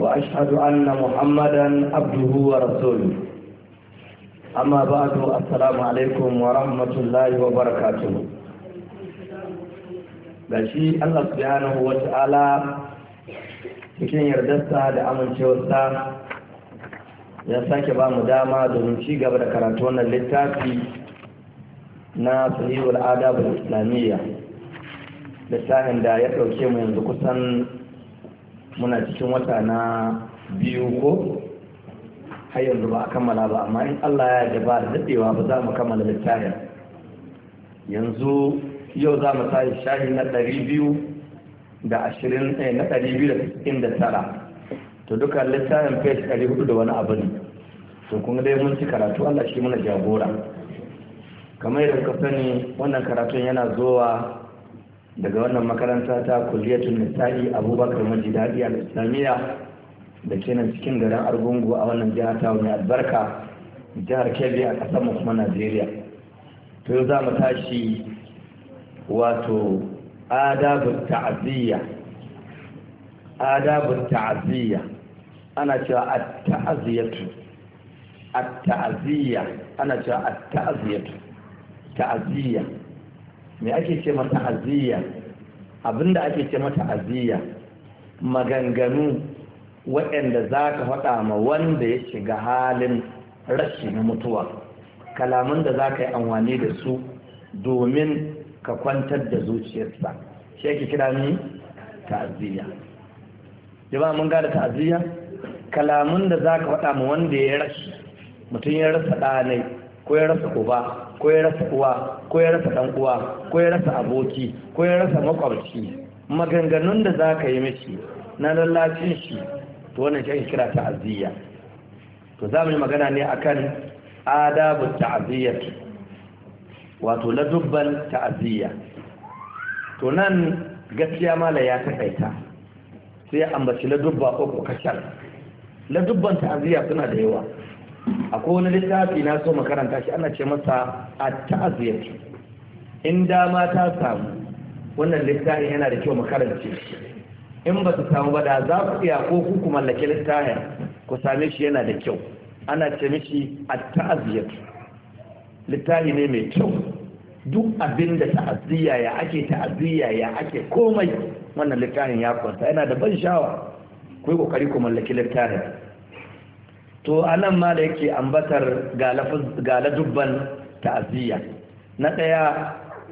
وأشهد أن محمدا عبده ورسوله أما بعد السلام عليكم ورحمة الله وبركاته gashi Allah subhanahu wa ta'ala cikin yardarsa da amincewarsa ya sake ba mu dama domin ci gaba da karatu wannan littafi na sahihul adabul islamiyya sahin da ya ɗauke mu yanzu kusan muna cikin wata na biyu ko har yanzu ba a kammala ba amma in Allah ya yi ba da daɗewa ba za mu kammala littafin yanzu yau za mu tashi shahi na ɗari biyu da ashirin eh, na ɗari biyu da da tara to duka littafin page ɗari hudu da wani abu ne to kun dai mun ci karatu Allah shi muna jagora kamar yadda kuka sani wannan karatun yana zuwa daga wannan makaranta ta kulliyatun nisa'i abubakar majidadi al islamiyya da ke nan cikin garin argungu a wannan jihar ta mai albarka jihar kebbi a ƙasar mu kuma najeriya to yau za mu tashi wato adabu ta'aziyya adabu ta'aziyya ana cewa at-ta'aziyatu at-ta'aziyya ana cewa at-ta'aziyatu ta'aziyya me ake ce mata aziyya abinda ake ce mata aziyya maganganu waɗanda za ka faɗa ma wanda ya shiga halin rashi na mutuwa kalaman da za ka yi amfani da su domin ka kwantar da zuciyarsa shi ake kira ni ta'aziyya jama'a mun gada ta'aziyya kalamun da za ka faɗa ma wanda ya rashi mutum ya rasa ɗanai ko ya rasa uba ko ya rasa uwa ko ya rasa dan uwa ko ya rasa aboki ko ya rasa makwabci maganganun da za ka yi mishi na lallacin shi to wannan shi kira ta'aziyya to za mu yi magana ne akan adabu ta'aziyyat wato ladubban ta'aziyya to nan gaskiya mala ya taƙaita sai ambaci ladubba ko kashar ladubban ta'aziyya suna da yawa akwai wani littafi na so makaranta shi ana ce masa a ta'aziyar in dama ta samu wannan littafin yana da kyau makaranta in ba su samu ba da za ku iya ko ku ku mallake littafin ku same shi yana da kyau ana ce mishi a ta'aziyar littafi ne mai kyau duk abin da ta'aziyya ya ake ta'aziyya ya ake komai wannan littafin ya kwanta yana da ban sha'awa ku yi kokari ku mallaki littafin to anan ma da yake ambatar ga lajubban ta'aziyya na ɗaya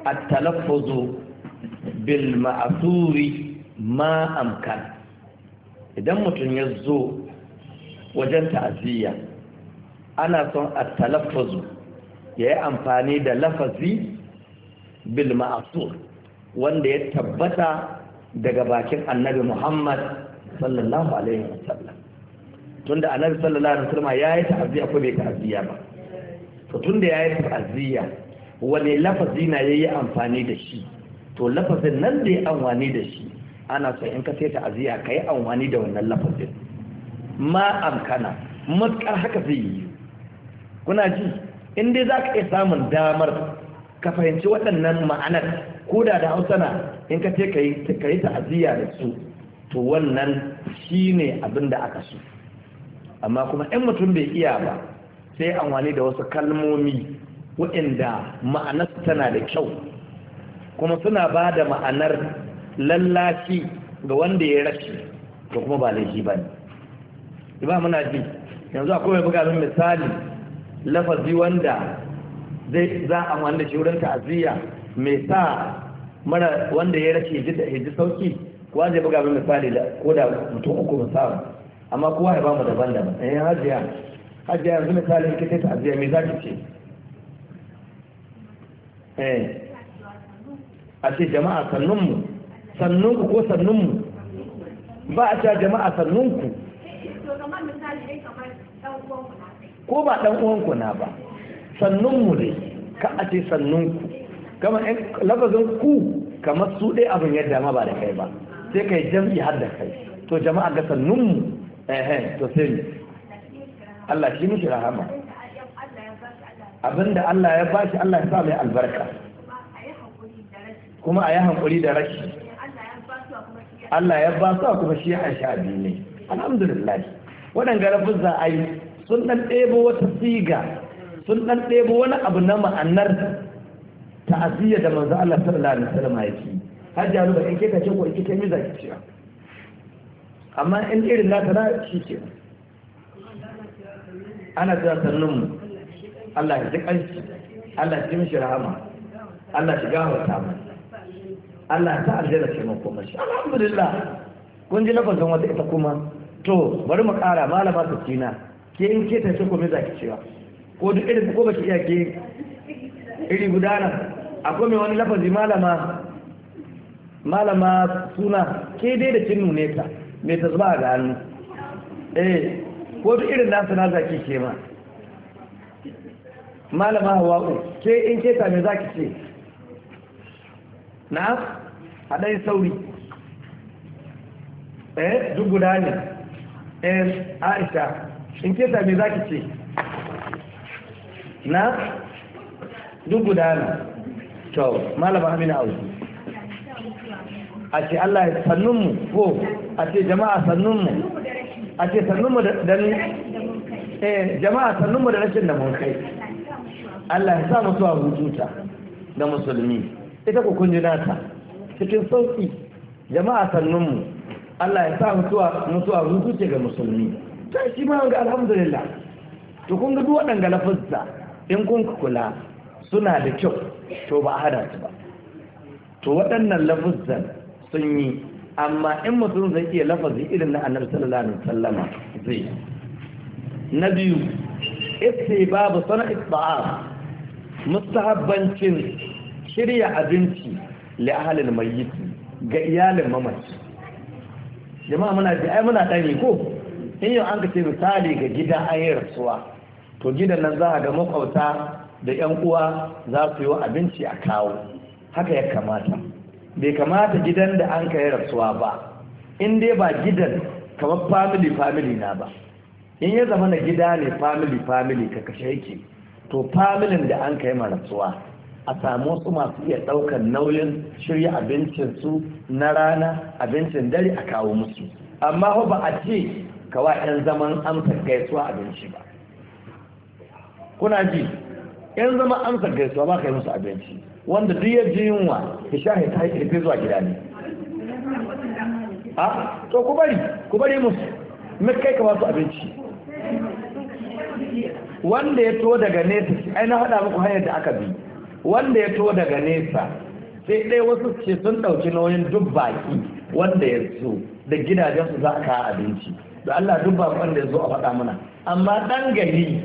a talaffuzu bil ma'asuri ma amkan idan mutum ya zo wajen ta'aziyya ana son a talaffuzu ya yi amfani da lafazi bil ma'asur wanda ya tabbata daga bakin annabi muhammad sallallahu alaihi wasallam tunda annabi sallallahu alaihi wasallam ya yi ta'aziyya ko bai ta'aziyya ba to tunda ya yi ta'aziyya wani lafazi na yayi amfani da shi to lafazin nan da ya amfani da shi ana so in ka sai ta'aziyya ka yi amfani da wannan lafazin ma amkana matkar haka zai yi kuna ji in dai za ka iya samun damar ka fahimci waɗannan ma'anar ko da da hausa na in ka ce ka yi ta'aziyya da su to wannan shine abin da aka so amma kuma in mutum bai iya ba sai amfani da wasu kalmomi waɗanda ma'anar tana da kyau kuma suna ba da ma'anar lallafi ga wanda ya rashi to kuma ba laifi ba ne ba muna ji yanzu akwai mai buga misali lafazi wanda zai za a wanda shi wurin ta'aziyya mai sa mara wanda ya rashi ya ji sauki kuwa zai buga min misali ko da mutum uku misali amma kowa ya bamu daban-daban eh hajiya hajiya yanzu misalin kita ta hajiya me zaki ce eh a ce jama'a sannunmu sannunku ko sannunmu ba a ce jama'a sannunku ko ba dan uwanku na ba sannunmu ne ka a ce sannunku kama lafazin ku kamar su ɗaya abin yadda ma ba da kai ba sai kai jam'i har da kai to jama'a ga sannunmu Ehe to sai Allah shi mishi rahama abinda Allah ya bashi Allah ya sa mai albarka kuma a yi hankuri da rashi Allah ya ba su kuma shi ya sha biyu ne alhamdulillah waɗanda rafin za a yi sun ɗan ɗebo wata siga sun ɗan ɗebo wani abu na ma'anar ta'aziyya da manzo Allah sallallahu alaihi wasallam ya ci har jaru ba in ka ce ko in kika miza ki ciya amma in irin nata na shi ke ana jira sannan mu Allah ya ji ƙanci Allah ya ji rahama Allah ya gafarta mu Allah ya ta aljanna ce mu kuma shi alhamdulillah kun ji lafazin wata ita kuma to bari mu kara malama su tina ke in ke ta ko me zaki cewa ko duk irin ko ki iya ke iri gudana a akwai mai wani lafazi malama malama suna ke dai da kin nuneta ta mai zuba ga hannu eh ko duk irin nasu na zaki ke ma malama ku ke in keta mai zaki ce na a ɗan sauri eh duk guda ne eh aisha in keta mai zaki ce na duk guda ne to malama hamina auzu a ce allah ya sannunmu ko a ce jama'a sannunmu a ce sannunmu da eh jama'a sannunmu da rashin da mun kai Allah ya sa mu zuwa hujuta ga musulmi ita ku kun ta cikin sauki jama'a sannunmu Allah ya sa mu zuwa mu zuwa hujuta ga musulmi to shi ma ga alhamdulillah to kun ga duk waɗanda lafazza in kun kula suna da kyau to ba a hada su ba to waɗannan lafuzzan sun yi amma in mutum zai iya lafazi irin na annabi sallallahu alaihi wasallam zai na biyu istibabu sana isba'ar mustahabbancin shirya abinci li ahlil mayyit ga iyalin mamaci jama'a muna ji ai muna tani ko in yau an ka ce misali ga gida ayyar suwa to gidan nan za a ga makwabta da yan uwa za su yi abinci a kawo haka ya kamata bai kamata gidan da an kai rasuwa ba in dai ba gidan kamar family family na ba in ya zama na gida ne family family ka kashe yake to familin da an kai rasuwa a samu su masu iya ɗaukan nauyin shirya abincin su na rana abincin dare a kawo musu amma ho ba a ce kawa 'yan zaman amsa gaisuwa abinci ba kuna ji 'yan zaman amsa gaisuwa ba ka yi musu abinci wanda duk ya ji yunwa ya sha ya ta haifi zuwa gida ne a to ku bari ku bari musu mai kai ka su abinci wanda ya to daga nesa ai na haɗa muku hanyar da aka bi wanda ya to daga nesa sai ɗaya wasu ce sun ɗauki nauyin duk baki wanda ya zo da gidajensu za a kawo abinci da Allah duk bakon wanda ya zo a faɗa mana amma ɗan gari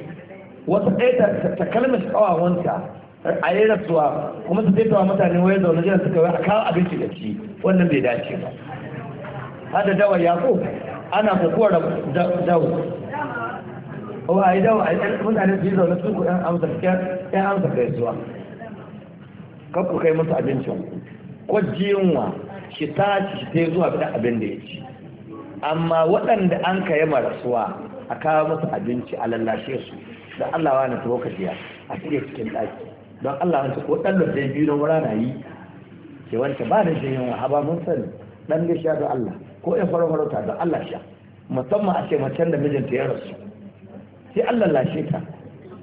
wasu ɗaya ta kalmar ƙawawanta a yi rasuwa kuma su zai tawa mutane wayar zaune jiran suka yi a kawo abinci da ci wannan bai dace ba hada dawa ya ko ana kokowa da dawa o a yi dawa a yi mutane su yi zaune su kuɗin amsa yan amsa gaisuwa kan ku kai musu abincin ko jiyunwa shi ci shi sai zuwa fita abin da ya ci amma waɗanda an ka yi marasuwa a kawo musu abinci a lallashe su da Allah na tuwo ka a cikin ɗaki don Allah wance ko ɗan da zai biyu na wura na yi ke wanke ba da shi yin wahaba mun sani ɗan da sha don Allah ko ya faru ta don Allah sha musamman a ce macen da mijinta ya rasu sai Allah lashe ta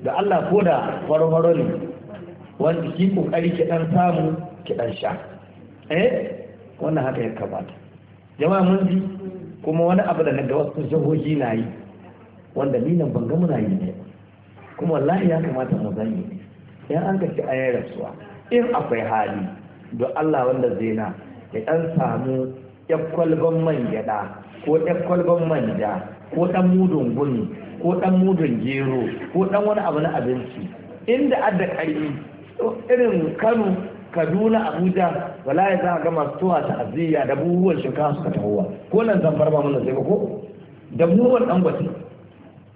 da Allah ko da faru faru ne wanda ki kokari ki dan samu ki dan sha eh wannan haka ya kamata jama'a mun ji kuma wani abu da daga wasu jihohi na yi wanda ni nan ban ga na yi ne kuma wallahi ya kamata mu zanyi Idan an ka ci ayin rasuwa in akwai hali don Allah wanda zina ya ɗan samu ɗan kwalban man gyaɗa ko ƴan kwalban manja ko ɗan mudun guni ko ɗan mudun gero ko ɗan wani abu na abinci inda adda ƙarfi irin kano kaduna abuja wala ya za a ga masu tuwa ta aziya da buhuwar shinkafa suka tahowa ko nan zan bar ba mun sai ko da buhuwar dan gwati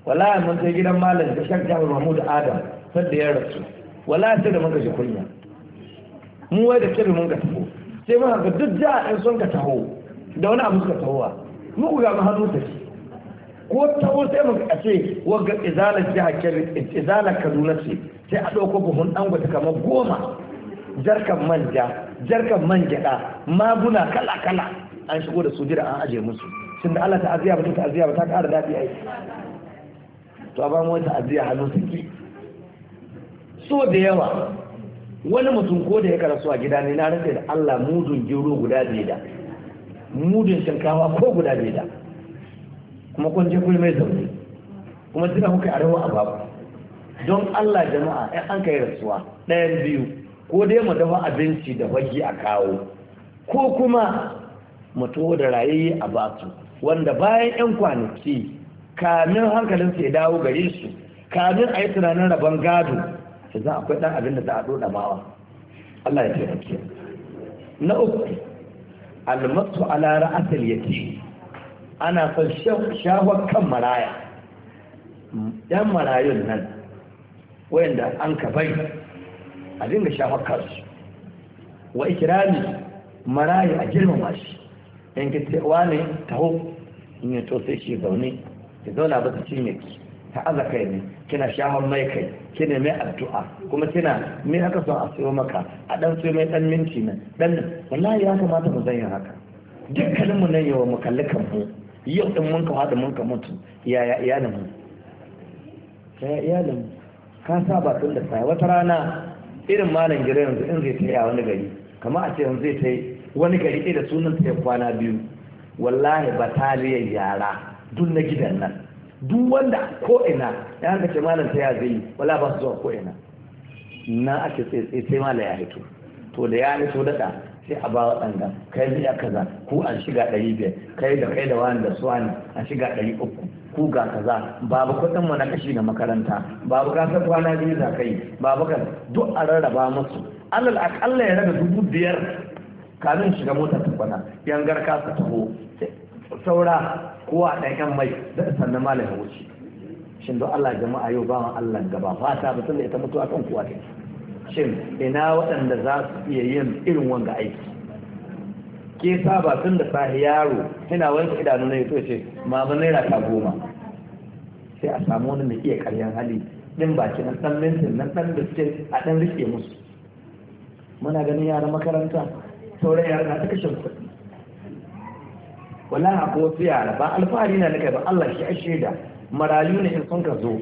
wala mun sai gidan malam da shak mahmud adam sadda ya rasu wala ta da muka ji kunya mu wai da kirin mun ga taho sai mun haka duk da an son ka taho da wani abu suka tahowa mu ga mu hannu ta ko taho sai mu ka ce ga izala jiha kirin izala kaduna ce sai a ɗauko buhun dango ta kamar goma jarkan manja jarkan man gyaɗa maguna kala kala an shigo da su jira an aje musu shin da Allah ta'aziya ba ta ta'aziya ba ta da daɗi ai to a ba mu ta'aziya hannu take so da yawa wani mutum ko da ya karasu a gida ne na rasa da Allah mudun gero guda biyu da mudun shinkawa ko guda biyu da kuma kun je mai zaune kuma duka kuka rawa a babu don Allah jama'a in an kai rasuwa ɗayan biyu ko dai mu dafa abinci da fage a kawo ko kuma mu da rayayi a batu. wanda bayan 'yan kwanaki kamin hankalin ya dawo gare su kamin a yi tunanin rabon gado za akwai ɗan abin da za a ɗoɗa mawa Allah ya taimake na uku almasu ala ra'atul yati ana son shawar kan maraya yan marayun nan wayanda an ka bai a dinga shawar kansu wa ikirami marayu a girmama shi in ki kitse wani taho in yi to sai shi zaune ki zauna ba ta cinye ki ta aza kai ne kina shawar mai kai kina mai addu'a kuma kina me aka so a siyo maka a dan sayo mai dan minti nan dan nan wallahi ya kamata mu zanya haka dukkanin mu nan yawa mu kalli mu yau din mun kawo da mun ka mutu ya ya iyalin mu ya iyalin ka saba tun da sai wata rana irin malam gire yanzu in zai taya wani gari kamar a ce yanzu zai tai wani gari da sunan ta kwana biyu wallahi bataliyar yara duk na gidan nan duk wanda ko ina ya hanka ce malam ta ya zai wala ba su zuwa ko ina na ake tsaye sai mala ya hito to da ya hito daɗa sai a ba waɗanda kai biya kaza ku an shiga ɗari biyar kai da kai da wani da su wani an shiga ɗari uku ku ga kaza babu kuɗin mu na kashi na makaranta babu kasar kwana biyu za kai babu kan duk a rarraba musu alal akalla ya raga dubu biyar kamin shiga motar ta kwana yangar kasa taho saura kowa a ɗan mai da sannan malam ya wuce shin don Allah jama'a yau bawan Allah gaba Ba ta ba da ita mutuwa kan kowa ta. shin ina waɗanda za su iya yin irin wanga aiki ke saba tun da sahi yaro yana su idanu na yato ce ma ba naira ta goma sai a samu wani mai iya karyan hali din baki na ɗan mintin na ɗan biskit a ɗan rike musu muna ganin yaran makaranta sauran yaran na ta kashe kuɗi wallahi akwai wasu yara ba alfahari na nake ba Allah shi a da marayu ne in sun ka zo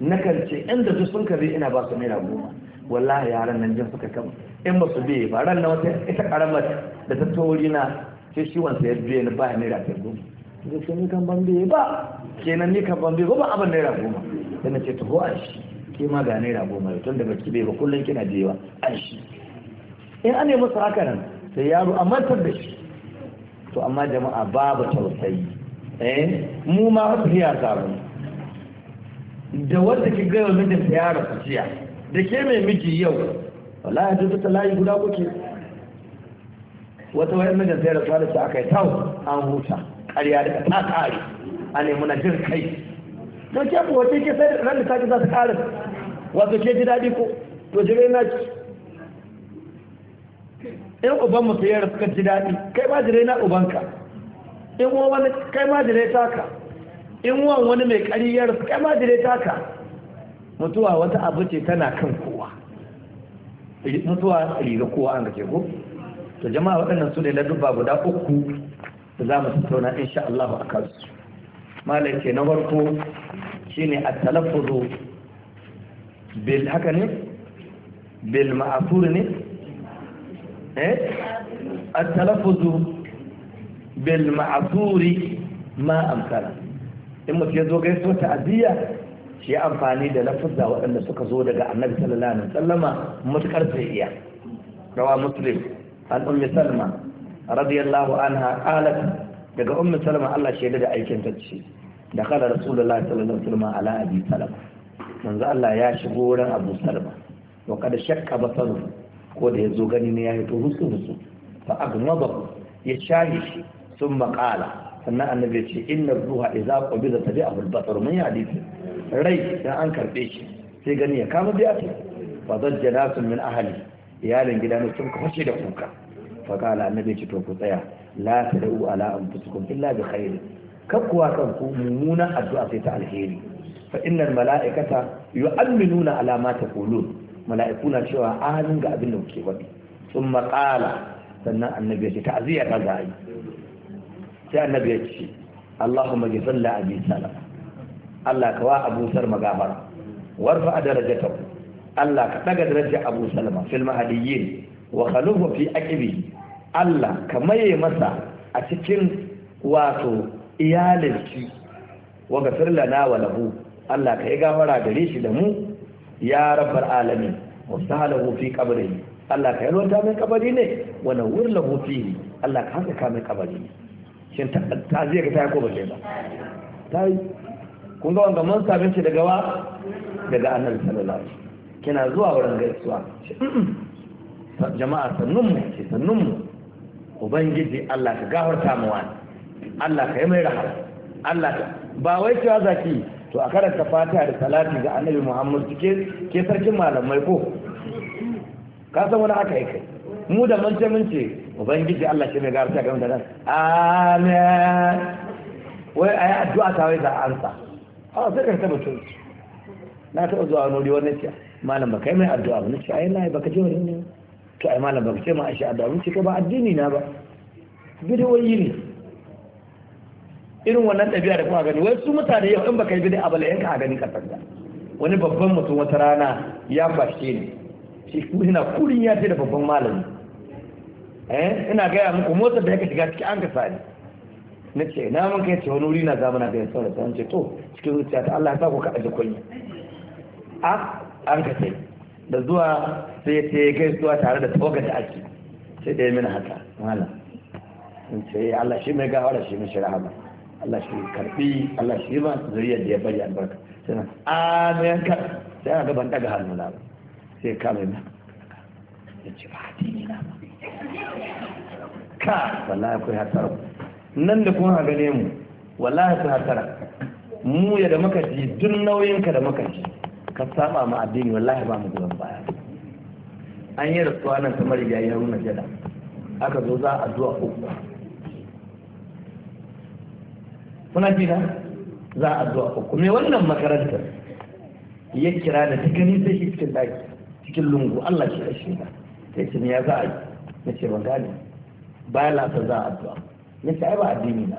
nakan ce inda su sun ka zai ina ba su naira goma wallahi yaran nan jin suka kama in ba su biye ba ran na wata ita karamar da ta tori na sai shi wansa ya biye ni ba ya naira ta goma da ce ni kan ban biye ba kenan ni kan ban biye ba ba abin naira goma da na ce ta ko shi ke ma ga naira goma tun da ki bai ba kullum kina biyewa a shi in an yi masa haka nan sai yaro a mantar da shi to amma jama'a babu tausayi eh mu ma su iya samu da wanda ki gaya min da ya su jiya da ke mai miji yau wallahi duk ta layi guda kuke wata wayar mijin ta yara su da aka tau an huta ƙarya daga ta ƙare a ne muna jin kai to ke kuwa ke sai ran da ta za ta ƙare wato ke ji daɗi ko to jire na ki in uban mu ya suka ji daɗi kai ma jire na ubanka in uwan wani kai ma jire taka in uwan wani mai ƙari ya rasu kai ma jire taka mutuwa wata abu ce tana kan kowa mutuwa riga kowa an gace ko to jama'a waɗannan su ne na dubba guda uku da za mu tattauna insha Allah a kansu malam ce na farko shine at-talaffuzu bil haka ne bil ma'thur ne at-talaffuzu bil ma'asuri ma amkana in mutum ya zo gaisuwa ta'aziyya shi amfani da lafuzza waɗanda suka zo daga annabi sallallahu alaihi wasallama mutukar zai iya rawa muslim an ummi salma radiyallahu anha qalat daga ummi salma Allah shaida da aikin ta ce da kala rasulullahi sallallahu alaihi wasallam ala abi salama manzo Allah ya shigo wurin abu salma wa kada shakka basaru ko da ya zo gani ne ya hito rusu rusu fa agmaba ya shaye shi sun maƙala sannan annabi ce inna ruha idza qabida tabi'ahu a basar mun hadisi rai dan an karbe shi sai gani ya kama biya ta fa zajjana sun min ahli iyalin gida ne sun ka fashe da kuka fa qala annabi ce to ku tsaya la tad'u ala anfusikum illa bi khairin kakkuwa kanku mummuna addu'a sai ta alheri fa innal mala'ikata yu'minuna ala ma taqulun mala'iku na cewa amin ga abin da muke wani sun maƙala sannan annabi ya ce ta'aziyya ta ga yi sai annabi ya ce Allahumma gifin la abi salam Allah ka wa Abu Sar magafara warfa a darajatahu Allah ka daga darajar Abu Salama fil mahadiyyin wa khaluhu fi aqibi Allah ka maye masa a cikin wato iyalinki wa gafir lana wa lahu Allah ka yi gafara gare shi da mu ya rabar alamin wasalahu fi qabri Allah ka yalwata mai kabari ne wa nawwir lahu fi Allah ka haska mai kabari ne shin ta zai ga ta ko ba ba ta yi kun ga wanga mun sabin shi daga wa daga annal sallallahu alaihi kina zuwa wurin gaisuwa jama'a sannun mu ce sannun mu ubangiji Allah ka gafarta mu wani Allah ka yi mai rahama Allah ka ba wai cewa zaki to a karanta fatiha da salati ga annabi muhammad ke ke sarkin malamai ko ka san wani aka yi kai mu da mance mance ubangiji Allah shi mai garta game da nan amen wai a yi addu'a ta wai za a ansa a sai ka taba to na taɓa zuwa wani wani ce malam baka yi mai addu'a ba nace ayi lai baka je wani ne to ai malam baka ce ma shi addu'a mun ce ba addini na ba bidiyoyi ne irin wannan ɗabi'a da kuma gani wai su mutane yau in baka yi bid'a bala yanka a gani ka da wani babban mutum wata rana ya fashe ni shi ina kurin ya ce da babban malami eh ina gaya muku motar da yake shiga ciki an ka sani na ce na mun kai ce wani wuri na zamana da yasau da an ce to cikin zuciya ta Allah ya sa ka aje kunya a an ka sai da zuwa sai ya ce kai zuwa tare da tawaga da ake sai da ya mini haka malam in ce eh, Allah shi mai gawara shi mai shirahama Allah shi karbi Allah shi ba zuriya da ya bari albarka ah, sai na amin ka sai na gaban daga hannu na ba sai ka mai na ya ce ba ah, addini na ba ka wallahi akwai hasara nan da kuma gane mu wallahi akwai hasara mu ya da muka ji duk nauyin ka da muka ji ka saba ma addini wallahi ba mu goyon baya an yi rasuwa nan kamar yayin na jada aka zo za a zuwa uku kuna jina za a zuwa uku me wannan makarantar ya kira da ta gani sai cikin daki cikin lungu Allah shi da shi ta ce ya za a yi na ce ban gane bayan lasa za a zuwa na ce ai ba addini na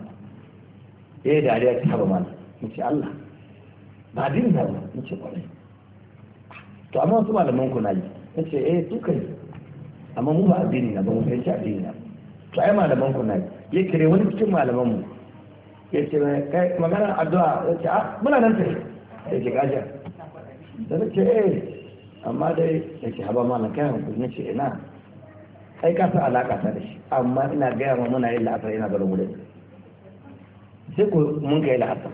ya yi dariya ta haba mana na ce Allah ba addini na ba na ce kwarai to amma wasu malaman ku na yi na ce eh su kai amma mu ba addini na ba mu fahimci addini na to ai malaman ku na yi ya kire wani cikin malaman mu ya ce kai magana addu'a ya ce ah muna nan tafi ya ce gajiya da na ce eh amma dai ya ce haba ma na kai hankali na ce ina kai ka san alaƙa ta da shi amma ina gaya ma muna yin la'asar ina garin wurin sai ko mun kai la'asar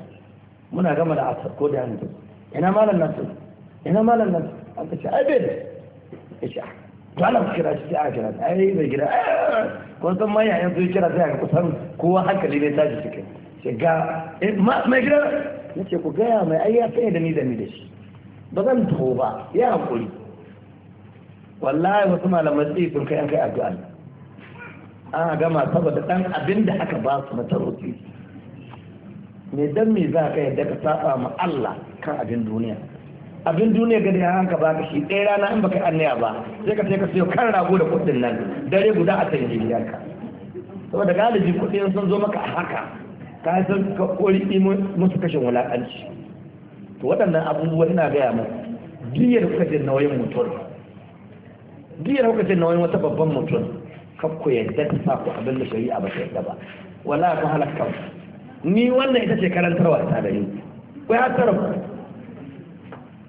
muna gama la'asar ko da hannu ina malam nasu ina malam nasu aka ce ai bai da ya ce ah dole ku kira shi a kira ai bai gida ko san mai yayin su kira sai ka kusan kowa hankali ne ta tashi cikin ce ga eh, mai gida na ce ku gaya mai ai ya sanya da ni da ni da shi ba zan taho ba ya haƙuri wallahi wasu malamai tsaye sun kai an kai addu'a an gama saboda ɗan abin da aka ba su na tarotsi me dan me za ka yadda ka saba ma Allah kan abin duniya abin duniya ga da hanka baka shi ɗaya rana in baka annaya ba sai ka sai ka sayo kan rago da kuɗin nan dare guda a tsayin gidanka saboda galibi kuɗi sun zo maka a haka ka san ka kori musu kashin wulaƙanci. to waɗannan abubuwa ina gaya mu diyar kuka ce nauyin mutum diyar kuka ce nauyin wata babban mutum ku yadda ta sa ku abin da shari'a ba ta yadda ba wala ka halakka ni wannan ita ce karantarwa ta da ni kai hasara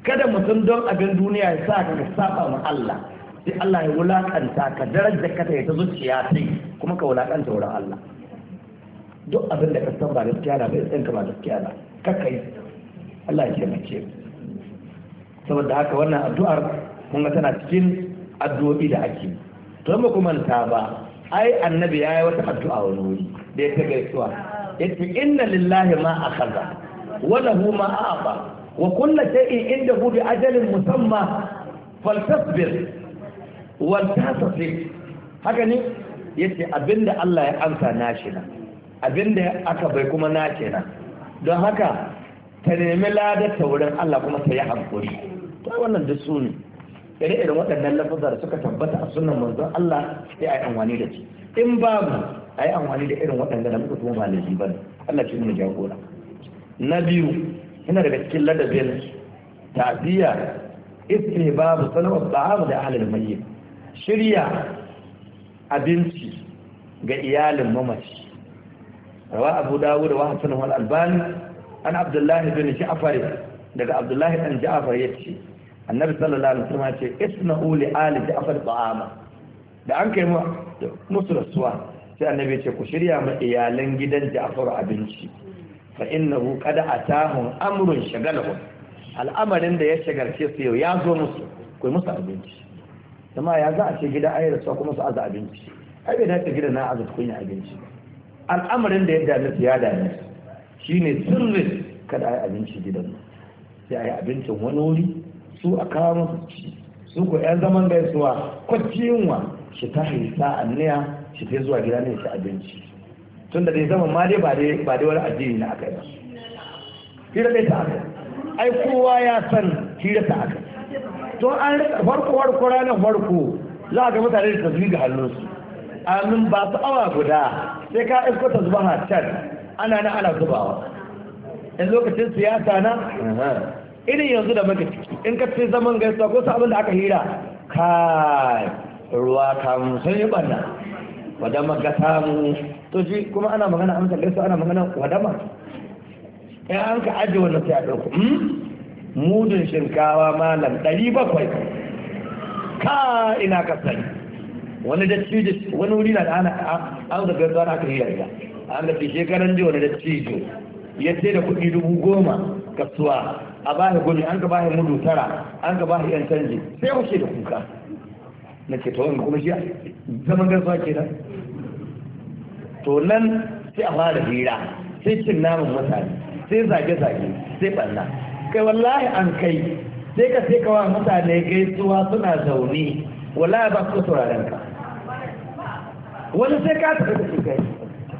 kada mutum don abin duniya ya sa ka saba ma Allah sai Allah ya wulaƙanta ka darajar ka ta yi ta zuciya sai kuma ka wulaƙanta wurin Allah duk abin da ka san ba gaskiya na bai tsinka ba gaskiya na kakkai Allah ya taimake saboda haka wannan addu'ar mun ga tana cikin addu'o'i da ake to ba kuma manta ba ai annabi yayi wata addu'a wani wuri da ya taga suwa yace inna lillahi ma akhadha wa lahu ma a'ta wa kullu shay'in indahu bi ajalin musamma faltasbir wal tasfi haka ne yace abinda Allah ya amsa nashi na Abin da aka bai kuma na kenan don haka ta nemi ladar ta wurin Allah kuma ta yi hankuri to wannan duk su ne ire irin waɗannan lafazar suka tabbata a sunan manzon Allah sai ai amfani da shi in babu ai amfani da irin waɗannan da muka tuma malaji ba Allah ya mu jagora na biyu yana daga cikin ladabin tabiya ismi babu salawat babu da ahlul mayyit shirya abinci ga iyalin mamaci rawa abu dawud wa hasan wal albani an abdullahi bin ja'far daga abdullahi dan ja'far yace annabi sallallahu alaihi wasallam ce isna'u li ali ja'far ta'ama da an kai musu rasuwa sai annabi ce ku shirya ma iyalan gidan ja'far abinci fa innahu qad atahum amrun shagalahum al'amarin da ya shagarce su yau ya zo musu ku musu abinci kuma ya za a ce gida ayi rasuwa kuma su aza abinci ai bai dace gida na aza kunya abinci al'amarin da ya dame su ya dame su shine sirrin kada ai abinci gidan sai ai abincin wani wuri su a kawo musu ci su ko yan zaman gaisuwa kwacci yunwa shi ta hisa anniya shi ta zuwa gida ne shi abinci tun da dai zaman ma dai ba dai ba dai wani addini na aka yi ba hira dai ta aka ai kowa ya san hira ta aka to an farko farko ranar farko za ka ga mutane da tasiri ga hannunsu amin ba su awa guda sai ka isko ta zuba can ana na ana zubawa in lokacin siyasa na irin yanzu da muka ciki in ka ce zaman gaisuwa ko abin da aka hira kai ruwa kan sun yi banna wadama ga samu to ji kuma ana magana amsa gaisa ana magana wadama in an ka ajiye wannan sai a ɗauko hmm? mudun shinkawa malam ɗari bakwai ka ina ka sani wani dattijo wani wuri na da ana an zafi tsara ka yi yarda an fi shekaran jiya wani dattijo ya ce da kuɗi dubu goma kasuwa a bahi gumi an ka bahi mudu tara an ka bahi yan canji sai wuce da kuka na ce tawon kuma shi zaman gaisuwa ke nan to nan sai a fara hira sai cin namun mutane sai zage-zage sai ɓanna kai wallahi an kai sai ka sai kawai mutane gaisuwa suna zaune wallahi ba su sauraren ka wani sai ka tafi da shi kai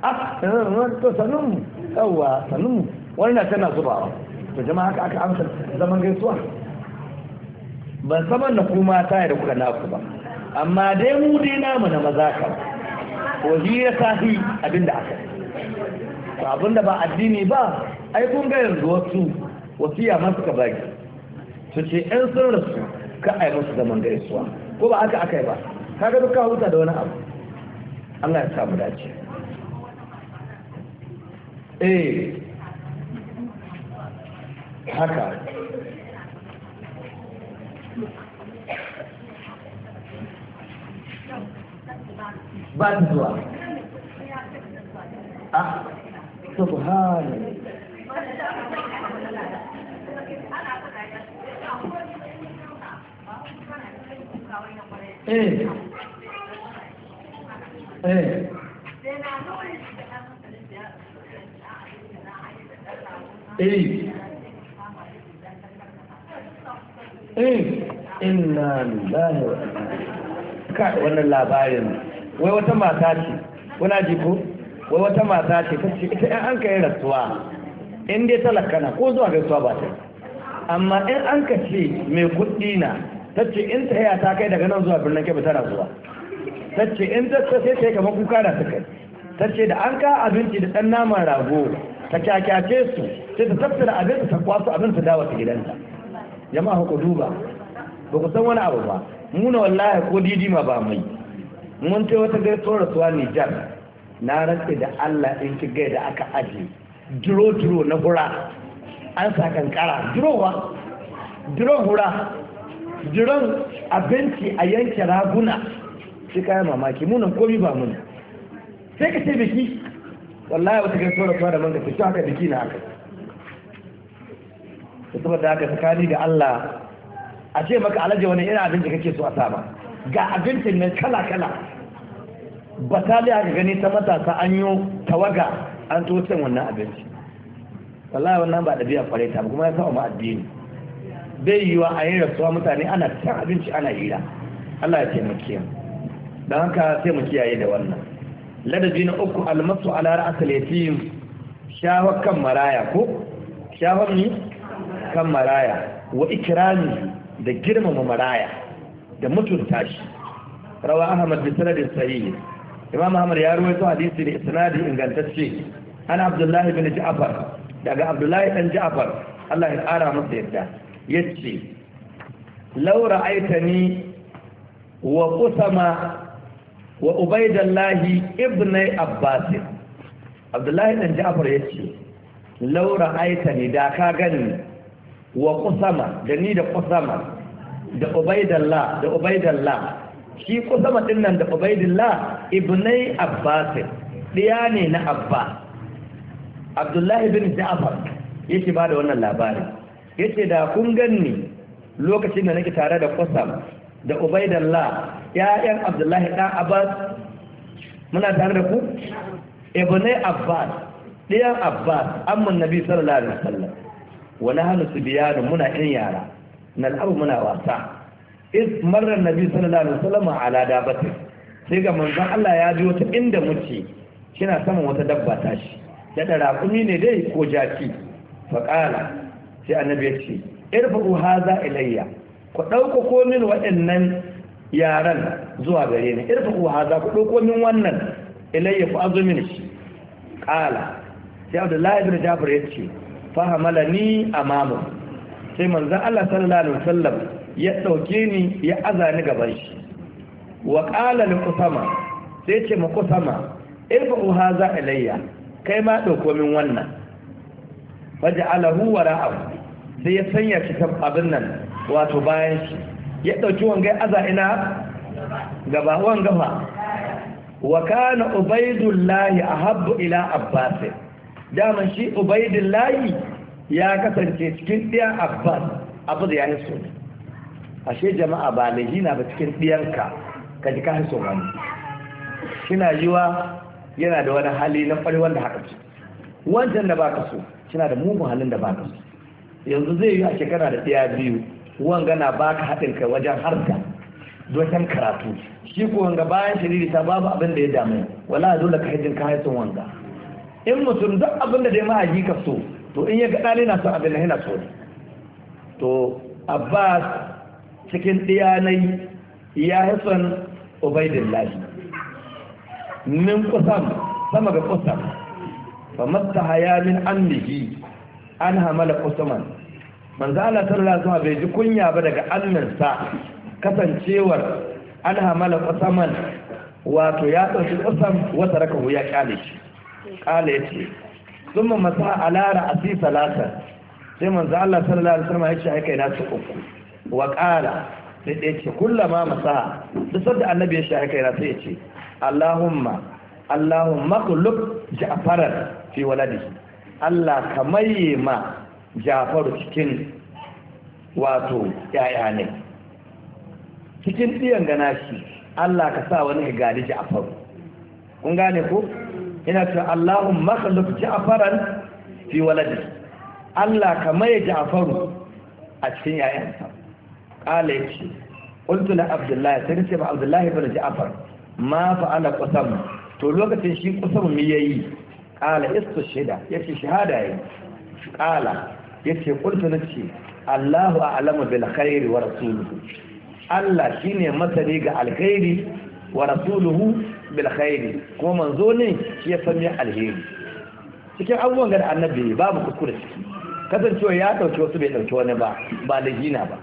ah eh, to sanun yawa sanun wannan tana zubawa to jama'a haka aka amsa zaman gaisuwa ban saman da kuma ta da kuka naku ba amma dai mu dai namu na maza ka wazi ya sahi abinda aka to abinda ba addini ba ai kun ga yanzu wasu ya masu ka baki su ce yan sun rasu ka ai musu zaman gaisuwa ko ba aka aka yi ba kaga duka huta da wani abu Allah ya samu dace eh haka ba ta zuwa ah subhanallah eh Eh. eh eh inna lillahi wa kai wannan labarin wai wata mata ce kuna ji ko wai wata mata ce ta ce ita an kai rasuwa in dai talaka na ko zuwa gaisuwa ba ta amma in an ka ce mai kuɗi na ta ce in ta ta kai daga nan zuwa birnin kebe ta rasuwa? tace in zata sai sai kamar kuka da suka tace da an ka abinci da ɗan naman rago ta kyakyace su sai ta tattara abin ta kwaso abin ta dawo ta gidanta jama'a ku duba ba ku san wani abu ba mu na wallahi ko didima ba mai mun ta wata gaisuwar rasuwa Nijar na rantsi da Allah in ki gai da aka aje duro duro na hura an sa kankara wa duro hura duro abinci a yanke raguna sai kaya mamaki munan komi ba muna sai ka ce biki wallahi wata kan kuma da man gasa haka biki na haka ta saboda haka tsakani da Allah a ce maka alaji wani irin abinci kake so a sama ga abincin nan kala kala ba bataliya ka gani ta matasa an yi tawaga an to wannan abinci wallahi wannan ba ɗabi'a kwarai ta kuma ya sa mu addini bai yiwa a yi rasuwa mutane ana cin abinci ana hira Allah ya taimake mu don haka sai mu kiyaye da wannan ladabi na uku almasu ala ra'asul yatim shahwa kan maraya ko shahwa ni kan maraya wa ikrami da girmama maraya da mutunta shi rawa ahmad bi sanadin sahihi imam ahmad ya rawaito hadisi da isnadi ingantacce ana abdullahi bin ja'far daga abdullahi dan ja'far Allah ya kara masa yadda yace law ra'aitani wa qusama wa ubaidallahi Ibn Abbas abdullahi dan ja'far yace, laura aita ni da ka gani wa kusama da ni da kusama da ubaidallah da ubaidallah shi kusama din nan da ubaidallah Ibn Abbas diya ne na abba abdullahi bin ja'far yake ba da wannan labari yace da kun ganni lokacin da nake tare da kusama da ubaidallah ya'yan abdullahi ɗan abbas muna tare da ku ibnai abbas ɗiyan abbas amman nabi sallallahu alaihi wasallam wani hannu su biyanu muna yan yara na al'abu muna wasa is marar nabi sallallahu alaihi wasallam ala dabatin sai ga manzo Allah ya ji wata inda muke kina saman wata dabba ta shi ya da raƙumi ne dai ko jaki kala sai annabi ya ce irfu haza ilayya ku dauko ko min waɗannan yaran zuwa gare ni irfa ku haza ku ɗauko min wannan ilayya fa azo min shi ƙala sai abdullahi ibn jabir ya ce fahamala ni amamu sai manzon Allah sallallahu alaihi wasallam ya ɗauke ni ya aza ni gaban shi wa qala li qusama sai ce ma qusama irfa ku haza ilayya kai ma ɗauko min wannan faja alahu wara'ahu sai ya sanya shi abin nan wato bayan shi ya ɗauki wangai aza ina gaba wangafa wa kana ubaidullahi ahabbu ila abbas dama shi ubaidullahi ya kasance cikin ɗiyan abbas abu da ya yi ne ashe jama'a ba na ba cikin ɗiyanka ka ji ka hiso wani kina yiwa yana da wani hali na ƙwari wanda haka ce wancan da baka so kina da mugun halin da baka so yanzu zai yi a shekara da ɗaya biyu wanga na baka haɗin kai wajen harka dokan karatu shi ko wanga bayan shiriri ta babu abin da ya dame wala dole ka hajjin kayan sun wanga in mutum duk abin da dai ma'aji ka so to in ya ga ɗali na son abin da yana so to abbas cikin diyanai ya yi son ubaidillahi min kusan sama ga kusan fa masta ya min amnihi an hamala usman manzo Allah sallallahu alaihi wasallam bai ji kunya ba daga annansa kasancewar an hamala qasaman wato ya dauki qasam wa tarakahu ya kale shi kale yace thumma masa ala ra'si salasa sai manzo Allah sallallahu alaihi wasallam ya ce ai kai na su uku wa qala sai da yace kullama masa duk sanda annabi ya shi kai na sai yace Allahumma Allahumma kullu ja'far fi waladihi Allah kamaye ma jafaru cikin wato yaya ne cikin ɗiyan gana shi Allah ka sa wani gari jafaru kun gane ko ina cewa Allahun makhluk jafaran fi waladi Allah ka maye jafaru a cikin yayansa ƙala ya ce ƙuntu na abdullahi sai ce ba abdullahi bin ja'far ma ana qasam to lokacin shi qasam me yayi ƙala istu ya yace shahada yayi ƙala yace qultu nace Allahu a'lamu bil khairi wa rasuluhu Allah shine masani ga alkhairi wa rasuluhu bil khairi kuma manzo ne shi ya san alheri cikin abubuwan ga annabi babu kuskure ciki kasancewa ya dauki wasu bai dauke wani ba ba da jina ba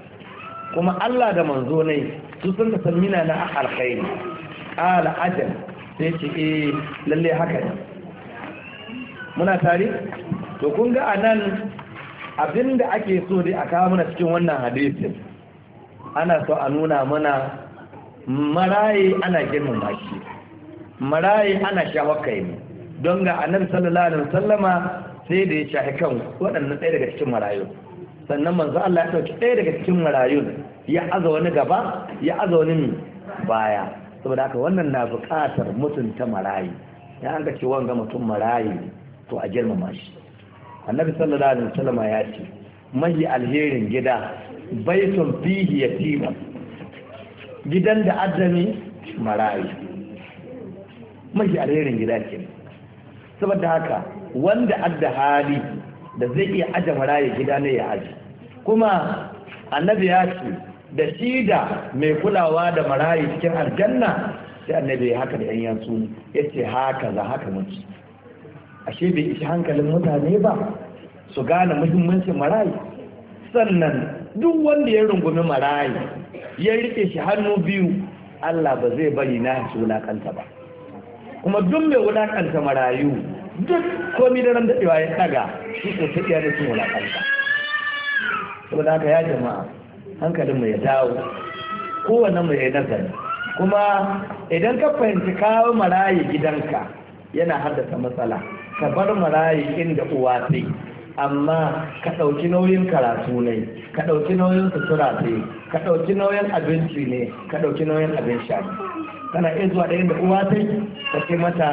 kuma Allah da manzo ne su sun ta san mina na alkhairi qala ajal sai ce eh lalle haka ne muna tare to kun ga anan abinda ake so dai a kawo mana cikin wannan hadisin ana so a nuna mana maraye ana girmama shi maraye ana shawakai ne don ga annabi sallallahu alaihi wasallama sai da ya shahi kan waɗannan ɗaya daga cikin marayu sannan manzo Allah ya dauki ɗaya daga cikin marayu ya aza wani gaba ya aza wani baya saboda haka wannan na buƙatar mutunta marayi ya an ga ga mutum marayi to a girmama shi annabi sallallahu alaihi wasallam ya ce mai alherin gida baitun fihi yatima gidan da adami marayi mai alherin gida ke saboda haka wanda adda hali da zai iya aje marayi gida ne ya aje kuma annabi ya ce da shi da mai kulawa da marayi cikin aljanna sai annabi haka da yan yansu ya ce haka za haka mutu ashe bai ishi hankalin mutane ba su gane muhimmancin marayi sannan duk wanda ya rungumi marayi ya rike shi hannu biyu Allah ba zai bari na shi wulakanta ba kuma duk mai wulakanta marayu duk komi da ran daɗewa ya ɗaga shi ko ta iya rikin wulakanta saboda ya jama'a hankalin mu ya dawo kowanne mu ya nazari kuma idan ka fahimci kawo marayi gidanka yana haddasa matsala ka bar marayi inda uwa ce amma ka ɗauki nauyin karatu ne ka ɗauki nauyin sutura ne ka ɗauki nauyin abinci ne ka ɗauki nauyin abin sha kana iya zuwa ɗayan da uwa ce ka ce mata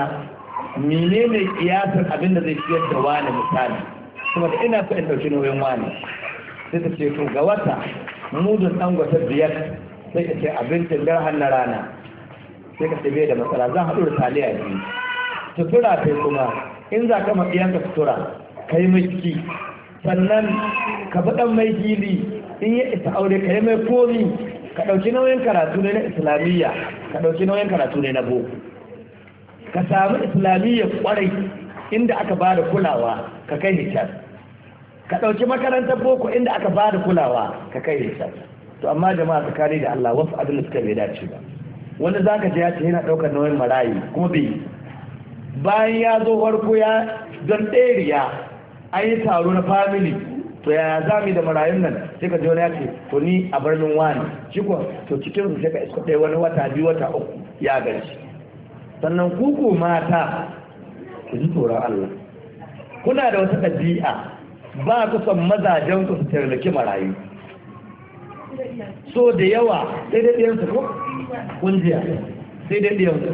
menene kiyasar abin da zai fi da wani misali kuma da ina so in ɗauki nauyin wani sai ta ce to ga wata mudun ɗan gwata biyar sai ta ce abincin garhan na rana sai ka ce bai da matsala zan haɗu da taliya biyu sutura sai kuma in za ka mafiyan ka sutura ka yi maiki sannan ka bi ɗan mai gili in ya isa aure ka yi mai komi ka ɗauki nauyin karatu ne na islamiyya ka ɗauki nauyin karatu ne na boko ka samu islamiyya kwarai inda aka ba da kulawa ka kai hijab ka ɗauki makarantar boko inda aka ba da kulawa ka kai hijab to amma jama'a tsakani da Allah wasu abin da suka bai dace ba wanda ka je ya ce yana ɗaukar nauyin marayi kuma bai bayan ya zo farko ya don ɗeriya an yi taro na family to yaya za mu yi da marayun nan sai ka jona ya ce to ni a birnin wani shi kuwa to cikin su sai ka iska ɗaya wani wata biyu wata uku ya gaji sannan kuku mata ku ji tsoron Allah kuna da wata ɗabi'a ba ku son mazajen ku su tarnaki marayu so da yawa sai dai ɗiyansu ko kungiya sai dai ɗiyansu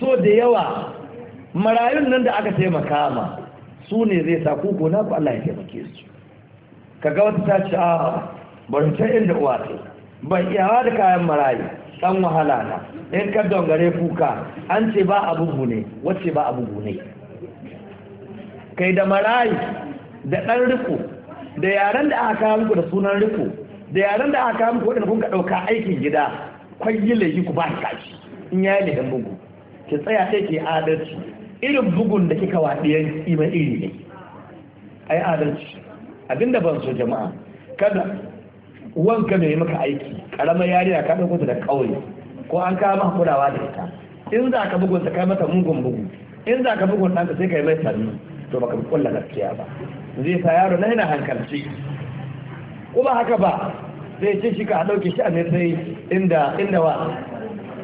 so da yawa marayun nan da aka taimaka ma su ne zai sa ku gona ku Allah ya taimake su kaga wata ta ce a ah, bari inda uwa ce ban iyawa da kayan marayu dan wahala na in ka dongare kuka an ce ba bugu ne wacce ba bugu ne kai da marayu da dan riko da yaran da aka kawo muku da sunan riko da yaran da aka kawo muku wadanda kun ka dauka aikin gida kwayi laifi ku ba kashi in yayi ne dan bugu ki tsaya sai ki adalci irin bugun da kika waɗiyan kima iri ne ai adalci abinda ban so jama'a kada wanka mai maka aiki karamar yariya ka ɗauko ta da ƙauye ko an kawo maka kulawa da ita in za ka bugun ta kai mata mugun bugu in za ka bugun ɗanka sai ka yi mai sannu to baka kulla gaskiya ba zai sa yaro na yana hankalci kuma haka ba zai ce shi ka ɗauke shi a mai sai inda inda wa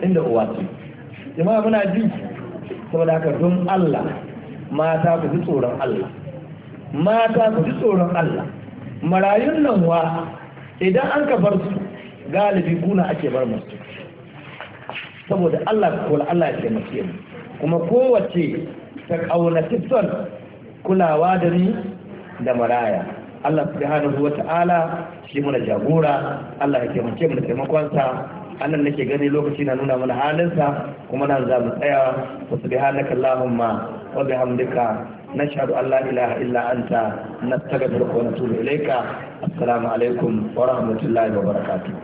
inda uwa ce jama'a muna ji saboda haka don Allah mata ku ji tsoron Allah mata ku ji tsoron Allah marayun nan wa idan an ka bar su galibi kuna ake bar musu saboda Allah kula Allah ya taimake mu kuma kowace ta kauna tifton kulawa da ni da maraya Allah subhanahu wa ta'ala shi muna jagora Allah ya taimake mu da taimakonsa anan nake gani lokaci na nuna mana halinsa kuma nan za mu tsaya wa subhanaka allahumma wa bihamdika nashhadu an la ilaha illa anta nastaghfiruka wa natubu ilayka assalamu alaikum wa rahmatullahi wa barakatuh